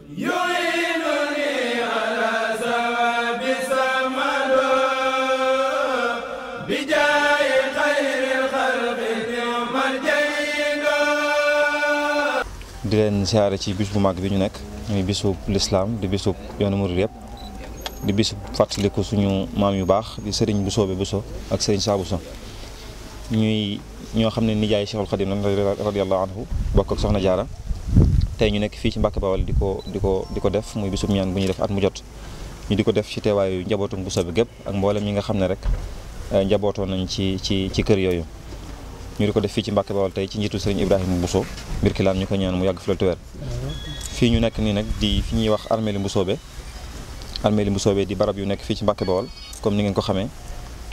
di leen siyaare ci bis bu mag bi ñu nekk muy bisub lislaam di bisub yoonu murid yëpp di bisub fàttaliku suñu maam yu baax di sëriñ Bousso bi Bousso ak sëriñ Saa Bousso ñuy ñoo xam ne nijaay Cheikhul Khadim lan radiyallahu anhu bokk ak soxna Jaara tey ñu nekk fii ci Mbàkke Bawal di ko di ko di ko def muy bisub ñaan bu ñuy def at mu jot ñu di ko def ci teewaayu njabootu Bousso bi gépp ak mboolem yi nga xam ne rek eh, njabootoo nañ ci ci ci kër yooyu ñu di ko def ci Mbàkke Bawal tey ci njiitu Sëriñ Ibrahima Bousso Birkilaan ñu ko ñaan mu yàgg fi la fii ñu nekk nii nag di fi ñuy wax armeeli Mbusoobe armeeli Mbusoobe di barab yu nekk fii ci Mbàkke Bawal comme ni ngeen ko xamee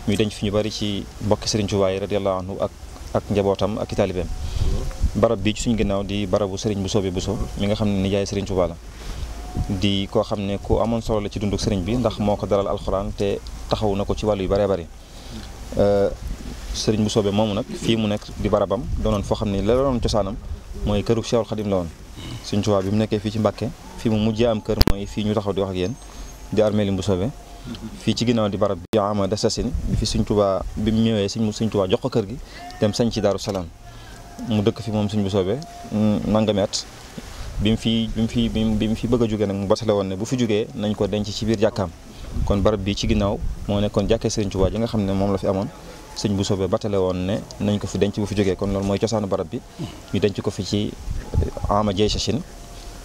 ñu denc fi ñu bari ci mbokki Sëriñ Tuubaa yi radiyallaahu anhu ak ak njabootam ak i taalibeem barab bi ci suñ ginnaaw di barabu sëriñ bu Bousso bu Bousso mi nga xam ne nijaay Serigne Touba la di koo xam ne ku amoon solo la ci dunduk Serigne bi ndax moo ko daral alxuraan te taxaw na ko ci wàllu yu bëree bëri. Euh, Serigne Bousso bi moomu nag fii mu nekk di barabam doonoon foo xam ne la doon cosaanam mooy këru Cheikhul Khadim la woon. suñ Touba bi mu nekkee fii ci mbakke fii mu mujjee am kër mooy fii ñu taxaw di wax ak yéen di armeeli Bousso bi fii ci ginnaaw di barab bi ama dasasin bi fi Serigne Touba bi mu ñëwee Serigne Touba jox ko kër gi dem sañ ci Daaru Salaam mu dëkk fi moom suñ bu soobee nangami at bi mu fi bi mu fi bi mu fi bëgg a jógee nag mu batale woon ne bu fi jógee nañ ko denc ci biir jàkkaam kon barab bi ci ginnaaw moo nekkoon jàkkee sëriñ Tuubaa ji nga xam ne moom la fi amoon sëñ bu soobee batale woon ne nañ ko fi denc bu fi jógee kon loolu mooy cosaanu barab bi ñu denc ko fi ci eh, ama jey sachin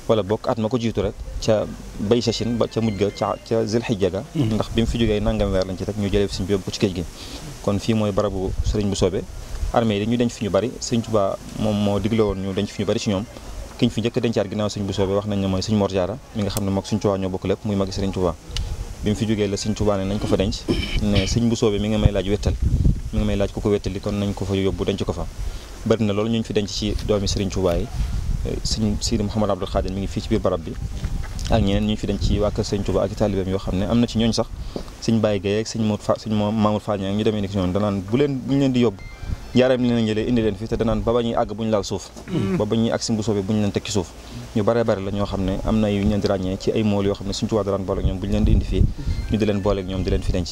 wala bokk at ma ko jiitu rek ca bay sachin ba ca mujj ga ca ca zilxijja ga mm-hmm. ndax bi mu fi jógee nangam weer lañ ci rek ñu jëlee fi sëñ bi ci géej gi kon fii mooy barabu sëriñ bu soobee armée yi dañu denc fi ñu bari sëñ Tuubaa moom moo digle woon ñu denc fi ñu bari ci ñoom ki ñu fi njëkk dencaat ginnaaw sëñ Bousso bi wax nañ denc fi ngi fii ci ñu fi dañ ci waa kër sëñ ak i taalibeem yoo xam ne am na ci ñooñ sax sëñ Baye Gueye ak ñu demee ni ki ñoom danaan bu leen bu ñu leen di yóbbu yaaram leen jëlee indi leen fii te danaan ba ba ñuy àgg bu ñu laal suuf hmm. ba ba ñuy àgg si bu soobee bu ñu leen teg ci suuf ñu bare bare la ñoo xam ne am na yu ñu leen di ràññee ci ay mool yoo xam ne Sëñ Tuubaa daraan booleeg ñoom bu ñu leen di indi fii ñu di leen booleeg ñoom di leen fi denc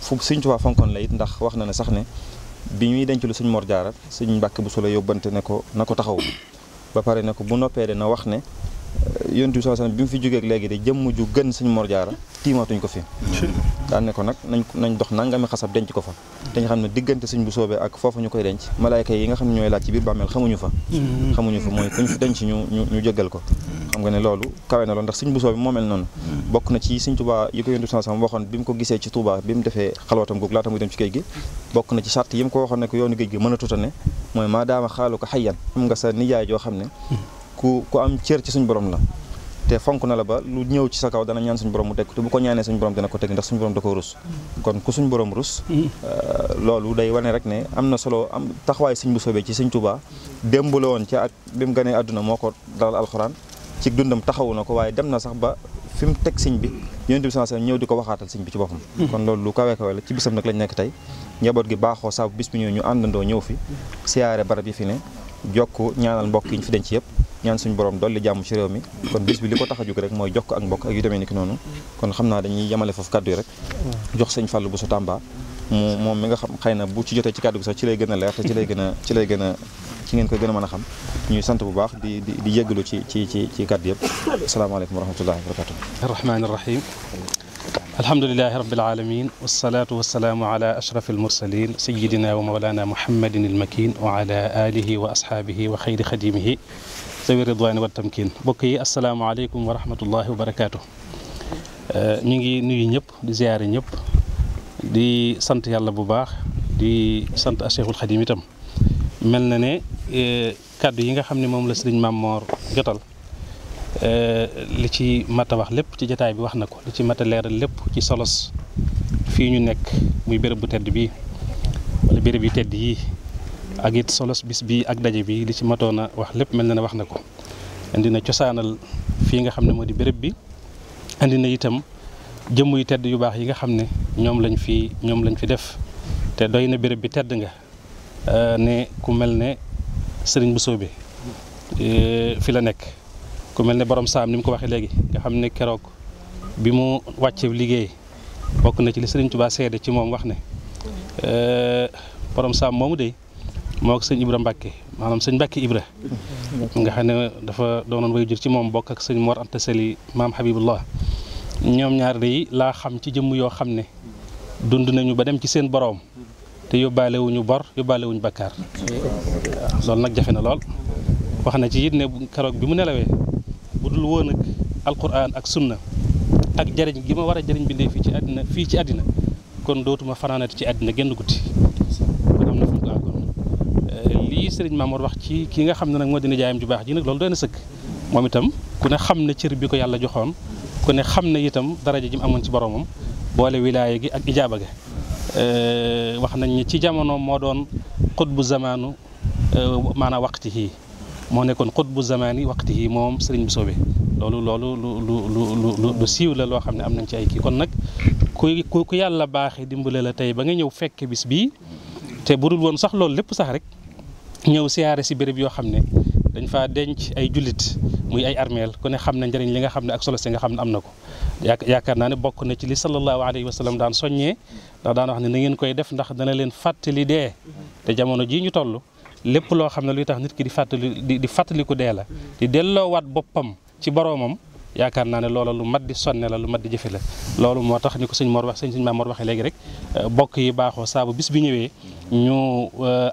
fu Sëñ Tuubaa fonkoon la it ndax wax na ne sax ne bi ñuy denc lu Sëñ Mor Jaara Sëñ Mbàkke bu solo yóbbante ne ko na ko taxaw ba pare ne ko bu noppee de na wax ne eh, yonent bi bi fi jógeek léegi de jëmm ju gën Sëñ Mor Jaara tiimaatuñ ko fi hmm. daan ne ko nag nañ nañ dox nangami xasab denc ko fa dañ xam ne diggante suñ bu soobee ak foofa ñu koy denc malaayka yi nga xam ne ñooy laaj ci biir bàmmeel xamuñu mm-hmm. xamuñu fa mooy kuñ fi denc ñu ñu ko xam nga ne loolu kawe na loolu ndax suñ bu soobee moo mel noonu mm-hmm. bokk na ci suñ Tuubaa yi ko yonent bi sama waxoon bi mu ko gisee ci Tuubaa bi mu defee xalwatam googu laata muy dem ci géej gi bokk na ci sart yi mu ko waxoon ne ko yoonu géej gi mën a tutane mooy maa daama xam nga sa nijaay joo xam ne mm-hmm. ku ku am cër ci suñ borom la te fonk na la ba lu ñëw ci sa kaw dana ñaan suñu borom mu teg te bu ko ñaanee suñu borom dana ko teg ndax suñu borom da ko rus mm. kon ku suñu borom rus mm. euh, loolu day wane rek ne am na solo am taxawaay sëñ bu soobee ci sëñ tubaa démb la woon ci ak bi mu ganee àdduna moo ko dalal alxuraan ci dundam taxawu na ko waaye dem na sax ba fi mu teg sëñ bi yonent bi sallallahu alayhi wasallam ñëw di ko waxaatal sëñ bi ci boppam mm. kon loolu lu kawee kawe la ci bisam nag lañ nekk tey njaboot gi baaxoo saabu bis bi ñëw ñu àndandoo ñëw fi siyaare barab yi fi ne jokk ñaanal mbokk yi ñu fi denc yëpp ñaan suñ borom dolli jàmm ci réew mi kon bis bi li ko tax a jóg rek mooy jox ko ak mbokk ak yu ni ki noonu kon xam naa dañuy yemale foofu kàddu yi rek jox sëñ Fallou Bousso Tamba mu moom mi nga xam xëy na bu ci jotee ci kàddu gi sax ci lay gën a leer te ci lay gën a ci lay gën a ci ngeen koy gën a mën a xam ñuy sant bu baax di di di yëggalu ci ci ci ci kàddu yëpp asalaamaaleykum wa rahmatullahi wa barakatuh arrahmaani rahim alhamdulilahi rabbil alamin wasalaatu wasalaamu ala ashraf almursalin sayidina wa maulana muhammadin almakin wa ala alihi wa ashaabihi wa xayri xadimihi zawi ridwaani wa tamkiin mbokk yi asalaamaaleykum wa rahmatullahi wa barakaatu. Uh, ñu ngi nuyu ñëpp di ziyaare ñëpp di sant yàlla bu baax di sant a Cheikhul Xadim itam mel na ne uh, kàddu yi nga xam ne moom la sëriñ Maam Moor jotal uh, li ci mat a wax lépp ci jataay bi wax na ko li ci mat a leeral lépp ci solos fii ñu nekk muy béréb bu tedd bi wala béréb yu tedd yii ak it solos bis bi ak daje bi li ci matoon a wax lépp mel na ne wax na ko indi na cosaanal fii nga xam ne moo di bërëb bi indi na itam jëmm yu tedd yu baax yi nga xam ne ñoom lañ fi ñoom lañ fi def te doy na béréb bi tedd nga eh, ne ku mel ne sëriñ bu soobe eh, fi la nekk ku mel ne borom saam ni mu ko waxee léegi nga xam ne keroog bi mu wàccee liggéey bokk na ci li sëriñ Tuubaa seede ci moom wax ne eh, borom saam moomu de moo ko sëñ Ibra Mbacke maanaam sëñ Mbacke Ibra nga xam ne dafa doonoon way jur ci moom mbokk ak sëñ Mor Anta Sali maam Habibullah ñoom ñaar day laa xam ci jëmm yoo xam ne dund nañu ba dem ci seen boroom te yóbbaale wuñu bor yóbbaale wuñu bakkaar loolu nag jafe na lool wax na ci it ne keroog bi mu nelawee bu dul woon ak alquran ak sunna ak jariñ gi ma war a jariñ bindee fii ci àddina fii ci àddina kon dootuma fanaanati ci àddina génn guddi lii sëriñ Mamour wax ci ki nga xam ne nag moo di nijaayam ju baax ji nag loolu doy na sëkk moom itam ku ne xam ne cër bi ko yàlla joxoon ku ne xam ne itam daraja ji amoon ci boromam boole wilaaya gi ak ijaaba euh, wax nañ ni ci jamono moo doon xutbu zamaanu euh, maanaam waqti yii moo nekkoon xutbu zamaani waqti yii moom sëriñ bi loolu loolu lu lu lu lu siiw la loo xam ne am nañ ci ay kii kon nag ku ku yàlla baaxee dimbale la tey ba nga ñëw fekke bis bi te budul woon sax loolu lépp sax rek. ñëw siyaare si béréb yoo xam ne dañ faa denc ay jullit muy ay armeel ku ne xam ne njëriñ li nga xam ne ak solo si nga xam ne am na ko yaakaar naa ne bokk na ci li sallallahu alayhi wa sallam daan soññee ndax daan wax ne na ngeen koy def ndax dana leen fàttali dee te jamono jii ñu toll lépp loo xam ne luy tax nit ki di fàttali di fàttaliku dee la di delloowaat boppam ci boroomam yaakaar naa ne loola lu mat di sonne la lu mat di jëfe la loolu moo tax ni ko sëñ Mor wax sëñ sëñ Maam Mor waxee léegi rek bokk yi baaxoo saabu bis euh,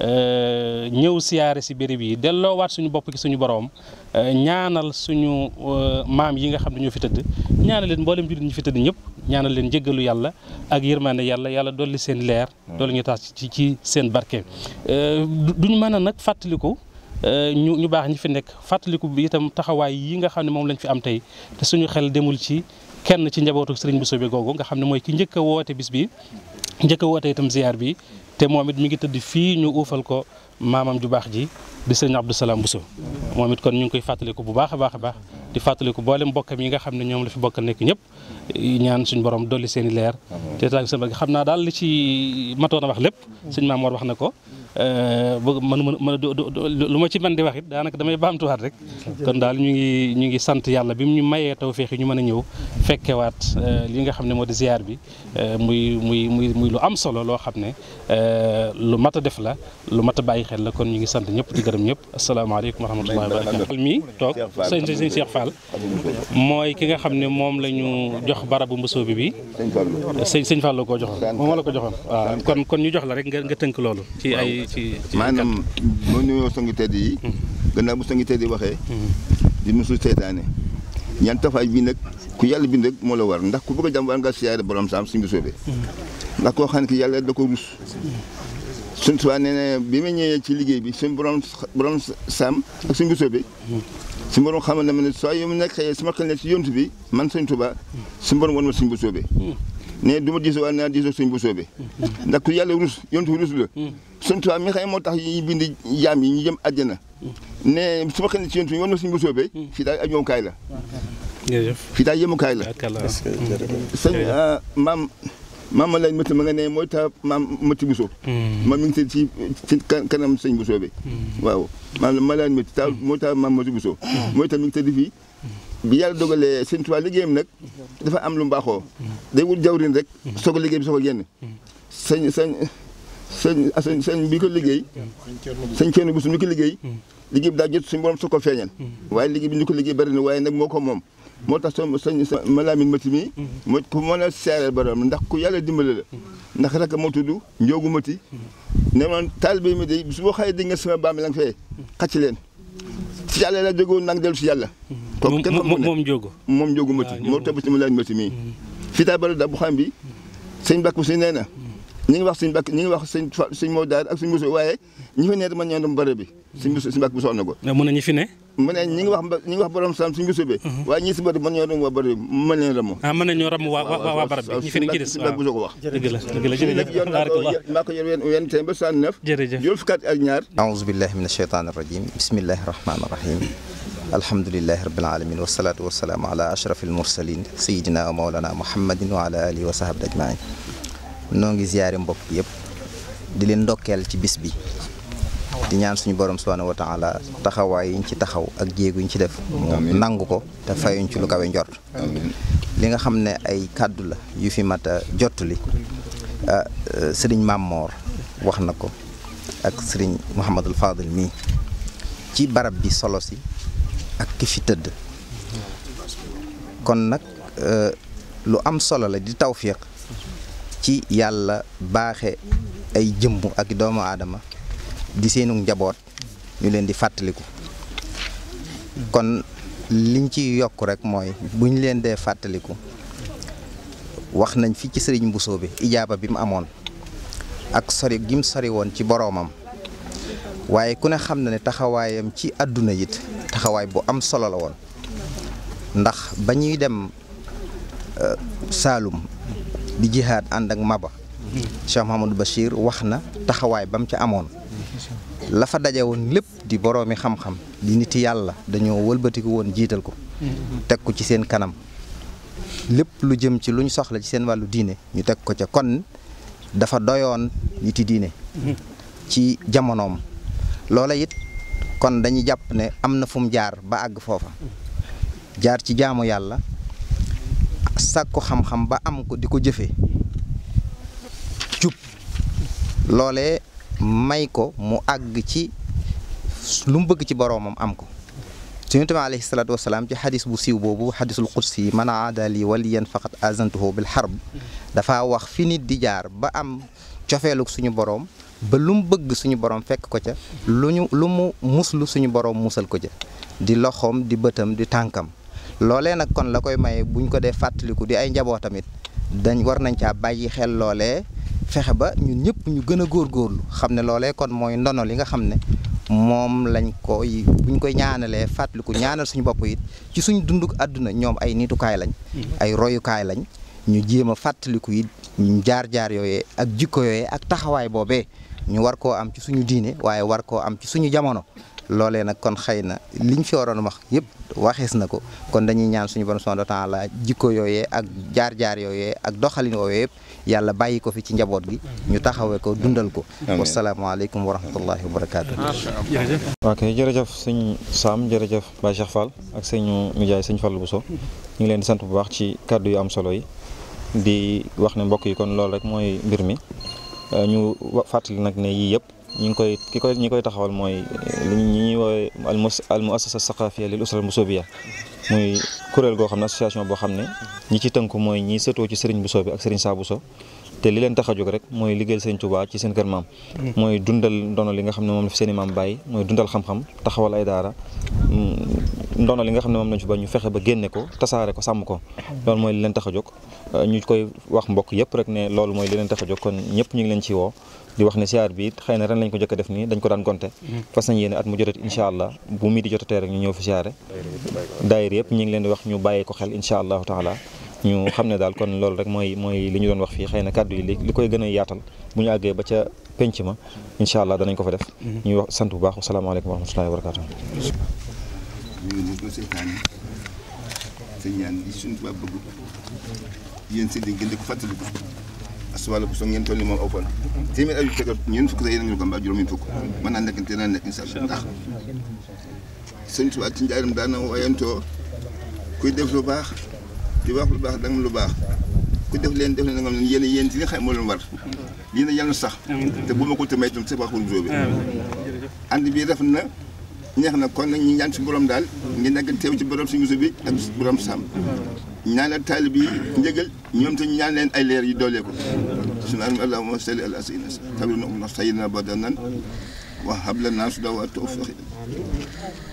ñëw siyaare si béréb yi delloowaat suñu bopp ci suñu boroom ñaanal suñu euh, maam yi nga xam ne ñoo fi tëdd ñaanal leen mboolem jullit ñu fi tëdd ñëpp ñaanal leen jéggalu yàlla ak yërmande yàlla yàlla dool li seen leer hmm. dolli ñu taas ci ci seen barke euh, duñu mën a nag fàttaliku euh, ñu ñu baax ñi fi nekk fàttaliku bi itam taxawaay yi nga xam ne moom lañ fi am tey te suñu xel demul ci kenn ci njabootu bu Mboussobé googu nga xam ne mooy ci njëkk woote bis bi njëkk woote itam ziar bi te moom it mi ngi tëdd fii ñu uufal ko maamam ju baax ji di sëñ Abdou Salaam Bousso moom it kon ñu ngi koy fàttaliku bu baax a baax a baax di fàttaliku boolem mbokkam yi nga xam ne ñoom la fi bokkal nekk ñëpp ñaan suñ borom dolli seen i leer te taag sama xam naa daal li ci matoon a wax lépp sëñ Maam wax na ko Euh, bëgg man man lu ma ci man di wax it daanaka damay baamtuwaat rek kon daal ñu ngi ñu ngi sant yàlla bi mu ñu mayee taw tawféex yi ñu mën a ñëw fekkewaat euh, li nga xam ne moo di ziar bi euh, muy muy muy muy lu am solo loo xam ne lu mat a def la lu mat a bàyyi xel la kon ñu ngi sant ñëpp di gërëm ñëpp asalaamaaleykum wa rahmatullahi wa barakatu mii ki nga xam ne moom la ñu jox barabu mbosoo bi bi sëñ sëñ Fall la koo joxoon moom la ko joxoon waaw kon ñu jox la rek nga tënk loolu ci ay ci ci ci maanaam moo nuyoo sangi tedd yi mm-hmm. gannaaw bu sangi tedd yi waxee mm-hmm. di musul seytaane ñaan tafaay bii nag ku yàlla bind rek moo la war ndax ku bëgg a jàmm war nga siyaare borom saam suñu soobee mm-hmm. ndax koo xam bi ma ñëwee ci liggéey bi suñ borom borom saam ma ne soo yu mu nekk xëyee ma xel ne si yontu bi man suñ tubaab su borom wan ma suñ bu soobee ne du ma diisoo waaye naa diisoo sëñ bu soobee mm-hmm. ndax ku yàlla rus yontu rus la mm-hmm. sëñ Tuubaa mi xam moo tax yi bind jaam yi ñu jëm àjjana mm-hmm. ne su ma xam ne si yontu yoon na sëñ bu soobee fii daal ak la fii daal yemukaay la sëñ ah, maam maam ma lay mëtt ma nga ne mooy ta maam mëtti Bousso moom mi ngi ci ci kanam sëñ Bousso bi waaw ma lay mëtt ta mooy ta maam mëtti Bousso mooy ta mi bi yàlla dogalee Sëñ liggéey liggéeyam nag dafa am lu mbaaxoo de wut jawrin rek soog a liggéey bi soog a génn sëñ bi ko liggéey sëñ Ceerno bu mi ko liggéey liggéey bi daa jot suñu borom soog ko feeñal waaye liggéey bi ñu ko liggéey bari waaye nag moo ko moom moo tax soo sëñ Malamine Mati mi moo ku mën a seereel borom ndax ku yàlla dimbale la ndax rek moo tudd Njoogu Mati ne moon taalibe mi day su boo xëyee di nga sama baam la nga fee xacc leen ci yàlla la jógoon nag dellu si yàlla. kooku kenn xamul ne moom Ndiogo. moom Ndiogo Mati ah, moo topp ci mu leen Mati mii. Mm-hmm. fii taa bari da bu xam bi sëñ Bakku si nee na. Mm-hmm. ñi ngi wax sëñ Bakk ñi ngi wax sëñ Fa sëñ Maodo Daara ak sëñ Moussa waaye ñi fi nekk man ñoo doon bëri bi sëñ Moussa sëñ Bakk bu soxna ko. Ah, mën na ñi fi ne. mu ne ñi ngi wax ñi ngi wax borom saam suñ ko sóobee waaye ñi si bëri mën ñoo ram waa bëri mën leen ramu ah mën nañoo ram waa waa barab bi ñu fi ci des waaw bu ko wax dëgg la dëgg la jërëjëf maa ko yor wenn tey ba cent neuf jërëjëf juróom fukki at ak ñaar aouzu billahi min asheytaan irajim bismillahi rahmaani rahim alhamdulilahi rabbil alamin wasalaatu wasalaamu ala ashrafil mursalin sayidina wa maolana muhammadin wa ala alihi wa sahbihi ajmain noo ngi ziyaare mbokk yëpp di leen ndokkeel ci bis bi di ñaan suñu borom soone wa taala taxawaay ñu ci taxaw ak jéegu yiñ ci def mu nangu ko te fayuñ ci lu kawe njort li nga xam ne ay kàddu la yu fi mat a jottali ah, euh, sëriñ Mamor wax na ko ak sëriñ Mouhamadul Fadil mi ci barab bi solo si ak ki fi tëdd kon nag euh, lu am solo la di tawfiq ci yàlla baaxe ay jëmm ak doomu aadama di seenu njaboot ñu leen di fàttaliku kon liñ ci yokk rek mooy buñ leen dee fàttaliku wax nañ fi ci sëriñ Bousso bi ijaaba bi mu amoon ak sori gim sori woon ci boroomam waaye ku ne xam na ne taxawaayam ci àdduna it taxawaay bu am solo la woon ndax ba ñuy dem euh, Saalum di jihaad ànd ak Maba Cheikh Mahamadou Bachir wax na taxawaay ba mu ca amoon la fa daje woon lépp di boroomi xam-xam di niti yàlla dañoo wëlbatiku woon jiital ko teg ko ci seen kanam lépp lu jëm ci lu ñu soxla ci seen wàllu diine ñu teg ko ca kon dafa doyoon niti diine ci jamonoom loole it kon dañuy jàpp ne am na fu mu jaar ba àgg foofa jaar ci jaamu yàlla sàkku xam-xam ba am ko di ko jëfe jub loolee may ko mu àgg ci lu mu bëgg ci boroomam am ko suñu tamit alayhi salaatu wasalaam ci xadis bu siiw boobu xadisul qudsi man aada li waliyan faqat azantuhu bil xarb dafa wax fi nit di jaar ba am cofeeluk suñu boroom ba lu mu bëgg suñu borom fekk ko ca lu ñu lu mu muslu suñu borom musal ko ca di loxoom di bëtam di tànkam loole nag kon la koy maye buñ ko dee fàttaliku di ay njaboot tamit dañ war nañ caa bàyyi xel loolee fexe ba ñun ñëpp ñu gën a góorlu xam ne loole kon mooy ndono li nga xam ne moom lañ koy buñ koy ñaanalee fàttaliku ñaanal suñu bopp it ci suñu dunduk àdduna ñoom ay nitukaay lañ. Mm-hmm. ay royukaay lañ ñu jéem a fàttaliku it jaar-jaar yooyee ak jikko yooyee ak taxawaay boobee ñu war koo am ci suñu diine waaye war koo am ci suñu jamono. loolee nag kon xëy na liñ fi waroon wax yëpp waxees na ko kon dañuy ñaan suñu borom subhanahu wa taala jikko yooyee ak jaar-jaar yooyee ak doxalin woowu yëpp. yàlla bàyyi ko fi ci njaboot gi ñu taxawee ko dundal ko wasalaamaaleykum wa rahmatullahi wa barakaatu ok jërëjëf sëñ Sam jërëjëf Baye Cheikh Fall ak sëñu nijaay sëñ Fall Bousso ñu ngi leen di sant bu baax ci kàddu yu am solo yi di wax ne mbokk yi kon lool rek mooy mbir mi euh, ñu fàttali nag ne yii yëpp ñi ngi koy ki koy koy taxawal mooy ñi ñuy woowee al muassasa saqafiya usra al musobiya mooy kuréel goo xam ne association boo xam ne ñi ci tënk mooy ñi sëtoo ci bu so bi ak Serigne saabu so te li leen tax a jóg rek mooy liggéeyal Serigne Touba ci seen kër maam mm. mooy dundal ndono li nga xam ne moom la fi seen i maam bàyyi mooy dundal xam-xam taxawal ay daara ndono li nga xam ne moom lañ fi ba ñu fexe ba génne ko tasaare ko sàmm ko loolu mooy li leen tax a jóg euh, ñu koy wax mbokk yëpp rek ne loolu mooy li leen tax a jóg kon ñëpp ñu ngi leen ci woo di wax ne siyaar bi xëy na ren lañ ko jëkk def nii dañ ko daan gonte mm-hmm. fas nañ yéene at mu jotat incha allah bu mii di jotatee rek ñu ñëw fi siyaare daayir yëpp ñu ngi leen di wax ñu bàyyee ko xel incha allahu taala ñu xam ne daal kon loolu rek mooy mooy li ñu doon wax fii xëy na kàddu yi li li koy gën a yaatal bu ñu àggee ba ca penc ma incha allah danañ ko fa def mm-hmm. ñu wax sant bu baax wasalaamaaleykum wa rahmatullahi wa barakatuh ñu sa ñaan li suñu tubaab bëgg yéen seen ngeen di ko fàttaliku aswala bu soog ngeen toll ni moom aw fan téeméer ay tegal ñeent fukk a ngi ko mbaa juróom ñeent fukk mën naa nekk te naa nekk incha allah ndax sëñ tubaab ci njaaram daana wayantoo kuy def lu baax di wax lu baax danga lu baax ku def leen def leen danga leen yéen yéen ci li xam moo leen war lii na yàlla sax te bu ma ko te may itam sa wax wul jóobe ànd bi rafet na neex na kon nag ñu ñaan si borom daal ngi nekk teew ci borom si musu bi ak borom sàmm ñaanal taalib yi njëgal ñoom te ñaan leen ay leer yu doolee ko سبحانك اللهم صل على سيدنا تبين أمنا سيدنا بدنا وهب لنا سدى والتوفيق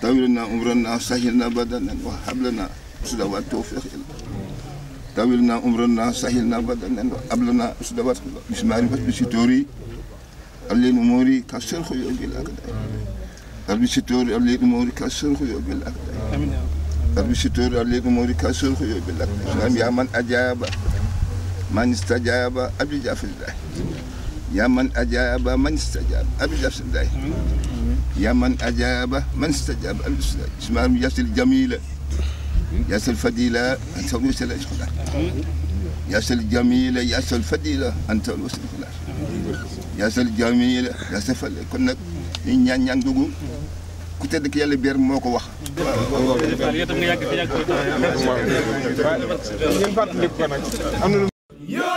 تبين أمرنا سهلنا بدنا وهب لنا سدى والتوفيق تبين أمرنا سهلنا بدنا وهب لنا سدى والتوفيق بسم الله الرحمن الرحيم اللين أموري كسر خيوك الأقدام albisittori allah yiɗi mawri ka sorhoyo ɓe lakɗa albisittori allah yiɗi mawri ka sorhoyo ɓe lakɗa sonam yaman ajaba manistajaba abi jafrillahi yaman ajaba manistajaba abi jafrillahi yaman ajaba manistajaba abi jafrillahi ismam yasir jamila yasir fadila an tawri wasila iskolar yasir jamila yasir fadila an tawri wasila iskolar yasir jamila yasir fadila kon nag ñu ñaan ñaan dugg ku tedd ki yàlla biir moo ko wax. waaw waaw waaw